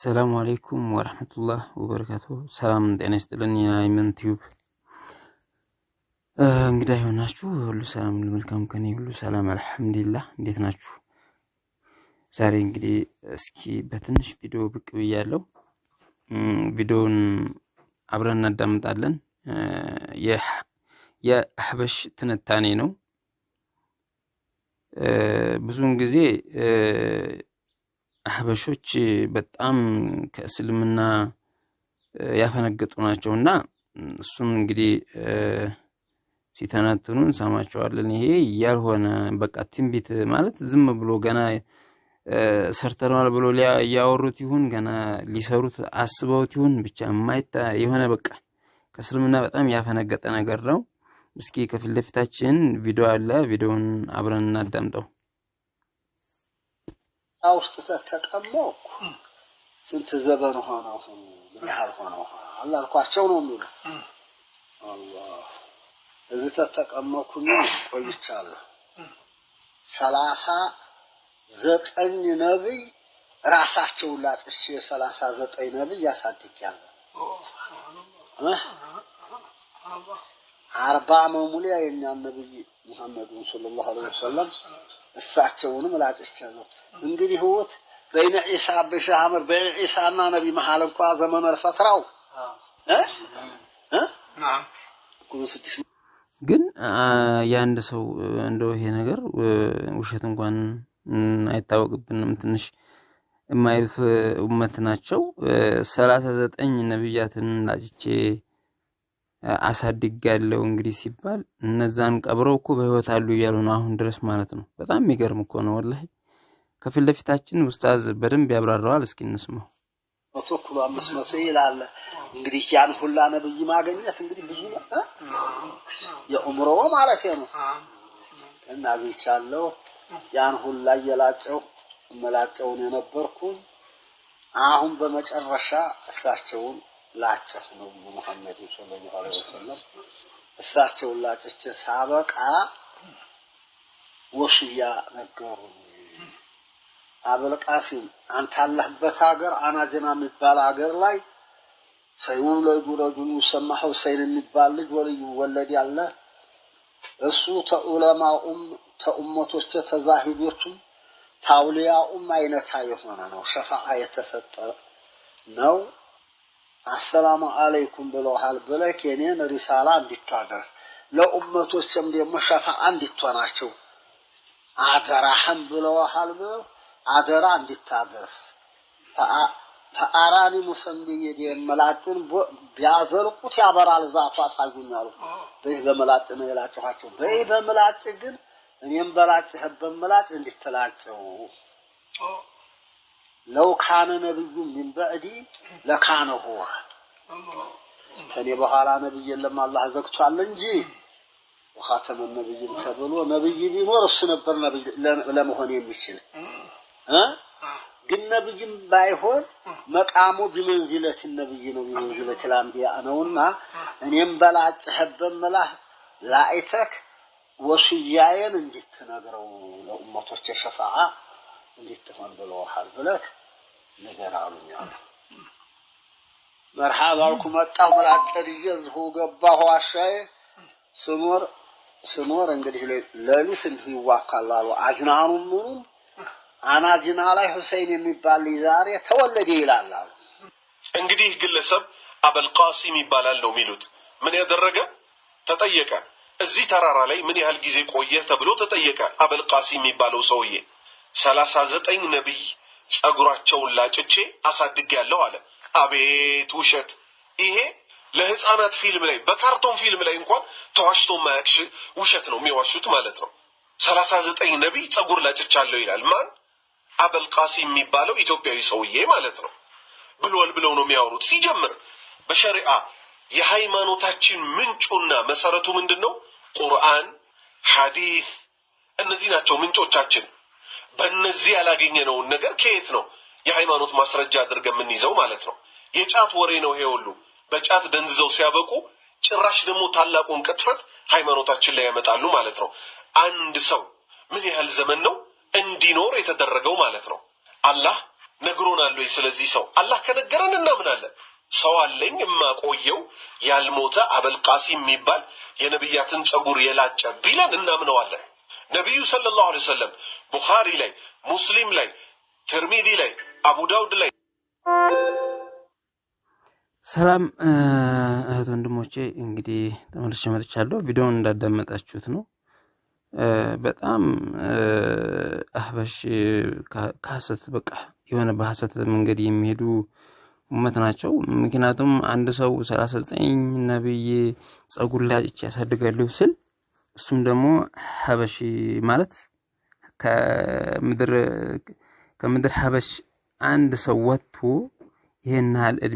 ሰላም አሌይኩም ወረህመቱላህ ወበረካቱ። ሰላም ጤና ይስጥልን። የናይመን ቲዩብ እንግዳ የሆናችሁ ሁሉ ሰላም መልካም ከኔ ሁሉ ሰላም አልሐምዱሊላህ። እንዴት ናችሁ? ዛሬ እንግዲህ እስኪ በትንሽ ቪዲዮ ብቅ ብያለሁ። ቪዲዮውን አብረን እናዳምጣለን። የአህበሽ ትንታኔ ነው። ብዙውን ጊዜ አህበሾች በጣም ከእስልምና ያፈነገጡ ናቸው እና እሱም እንግዲህ ሲተነትኑ እንሰማቸዋለን። ይሄ ያልሆነ በቃ ትንቢት ማለት ዝም ብሎ ገና ሰርተነዋል ብሎ እያወሩት ይሁን ገና ሊሰሩት አስበውት ይሁን ብቻ የማይታ የሆነ በቃ ከእስልምና በጣም ያፈነገጠ ነገር ነው። እስኪ ከፊት ለፊታችን ቪዲዮ አለ። ቪዲዮውን አብረን እናዳምጠው። አውስጥተህ ተቀመጥኩ ስንት ዘመን ሆነ ምን ያህል ሆነ አላልኳቸው ነው የሚሉ አላህ እዚህ ተተቀመጥኩኝ ቆይቻለሁ። ሰላሳ ዘጠኝ ነቢይ ራሳቸውን ላጥቼ ሰላሳ ዘጠኝ ነቢይ ያሳድጊያለሁ። አርባ መሙሊያ የእኛን ነቢይ ሙሐመዱን ሰለላሁ ዐለይሂ ወሰለም እሳቸውንም ላጭቻለሁ። እንግዲህ ህይወት በይነ ዒሳ በሻህ አመር በይነ ዒሳ እና ነቢ መሀል እንኳ ዘመነ ፈትራው ግን የአንድ ሰው እንደው ይሄ ነገር ውሸት እንኳን አይታወቅብንም። ትንሽ የማይልፍ እመት ናቸው። ሰላሳ ዘጠኝ ነቢያትን ላጭቼ አሳድግ ያለው እንግዲህ ሲባል እነዛን ቀብረው እኮ በህይወት አሉ እያሉ ነው አሁን ድረስ ማለት ነው። በጣም የሚገርም እኮ ነው ወላሂ። ከፊት ለፊታችን ኡስታዝ በደንብ ያብራረዋል። እስኪ እንስማው። መቶ ኩሎ አምስት መቶ ይላል እንግዲህ ያን ሁላ ነብይ ማገኘት እንግዲህ ብዙ ነው የኡምሮ ማለት ነው። እና አግኝቻለሁ ያን ሁላ እየላጨው እመላጨውን የነበርኩ አሁን በመጨረሻ እሳቸውን ላጨስ ነው ሙሐመድ ሰለላሁ ዐለይሂ ወሰለም። እሳቸውን ላጭቼ ሳበቃ ወሽያ ነገሩ አብልቃሲም አንተ አለህበት ሀገር አናጀና የሚባል ሀገር ላይ ሰይውለዱ ረጁል ይሰማ ሁሴን የሚባል ልጅ ወልዩ ወለድ ያለ እሱ ተዑለማኡም ተኡመቶች ተዛሂዶቹም ታውሊያኡም አይነታ የሆነ ነው። ሸፋዓ የተሰጠ ነው። አሰላሙ አለይኩም ብለሃል ብለህ የኔን ሪሳላ እንዲታደርስ ስም ደግሞ ሸፋ እንዲትሆናቸው አደራህም ብለውሃል ብ አደራ እንዲታደርስ ተአራኒ ሙሰንቢ የዲ መላጭን ቢያዘልቁት ያበራል ዛቱ አሳዩኛሉ። በይህ በመላጭ ነው የላጭኋቸው። በይህ በመላጭ ግን እኔም በላጭህ በመላጭ እንዲትላጭው لو كان نبي من بعدي لكان هو ثاني بحالا نبي لما الله زكت على نجي وخاتم النبي الكبل ونبي بيمر السنبر نبي لم هون يمشل ها قلنا نبي بايهون مقامو بمنزلة النبي بمنزلة الأنبياء أنا وما أن ينبلع تحب ملاه لائتك وشياين انجتنا قروا لأمته الشفاعة እንዴት ትሆን ብለውሃል ብለህ ነገር አሉኝ አሉ። መርሃብ አልኩ መጣሁ፣ መላጠር እየዝሁ ገባሁ ዋሻዬ ስኖር ስኖር እንግዲህ ሌሊት እንዲሁ ይዋካል አሉ። አጅናኑ ምኑም አናጅና ላይ ሁሴን የሚባል ዛሬ ተወለደ ይላል አሉ። እንግዲህ ግለሰብ አበልቃሲም ይባላል ነው የሚሉት። ምን ያደረገ ተጠየቀ። እዚህ ተራራ ላይ ምን ያህል ጊዜ ቆየህ ተብሎ ተጠየቀ። አበልቃሲም የሚባለው ሰውዬ ሰላሳ ዘጠኝ ነቢይ ጸጉራቸውን ላጭቼ አሳድግ ያለው አለ። አቤት ውሸት! ይሄ ለህፃናት ፊልም ላይ በካርቶን ፊልም ላይ እንኳን ተዋሽቶ ማያቅሽ ውሸት ነው የሚዋሹት ማለት ነው። ሰላሳ ዘጠኝ ነቢይ ጸጉር ላጭቻለሁ ይላል። ማን? አበልቃሲ የሚባለው ኢትዮጵያዊ ሰውዬ ማለት ነው። ብሎል ብለው ነው የሚያወሩት። ሲጀምር በሸሪአ የሃይማኖታችን ምንጩና መሰረቱ ምንድን ነው? ቁርአን፣ ሐዲስ እነዚህ ናቸው ምንጮቻችን። በእነዚህ ያላገኘነውን ነገር ከየት ነው የሃይማኖት ማስረጃ አድርገን የምንይዘው ማለት ነው? የጫት ወሬ ነው ይሄ ሁሉ። በጫት ደንዝዘው ሲያበቁ ጭራሽ ደግሞ ታላቁን ቅጥፈት ሃይማኖታችን ላይ ያመጣሉ ማለት ነው። አንድ ሰው ምን ያህል ዘመን ነው እንዲኖር የተደረገው ማለት ነው? አላህ ነግሮናል ወይ? ስለዚህ ሰው አላህ ከነገረን እናምናለን። ሰው አለኝ እማቆየው ያልሞተ አበልቃሲ የሚባል የነቢያትን ጸጉር የላጨ ቢለን እናምነዋለን። ነቢዩ ሰለላሁ ዐለይሂ ወሰለም ቡኻሪ ላይ፣ ሙስሊም ላይ፣ ትርሚዚ ላይ፣ አቡ ዳውድ ላይ ሰላም እህት ወንድሞቼ፣ እንግዲህ ተመልሼ መጥቻለሁ። ቪዲዮውን እንዳዳመጣችሁት ነው። በጣም አህበሽ ከሀሰት በቃ የሆነ በሀሰት መንገድ የሚሄዱ ውመት ናቸው። ምክንያቱም አንድ ሰው ሰላሳ ዘጠኝ ነብይ ጸጉር ላይ ያሳድጋለሁ ስል እሱም ደግሞ ሀበሺ ማለት ከምድር ሀበሽ አንድ ሰው ወጥቶ ይህን ያህል እድሜ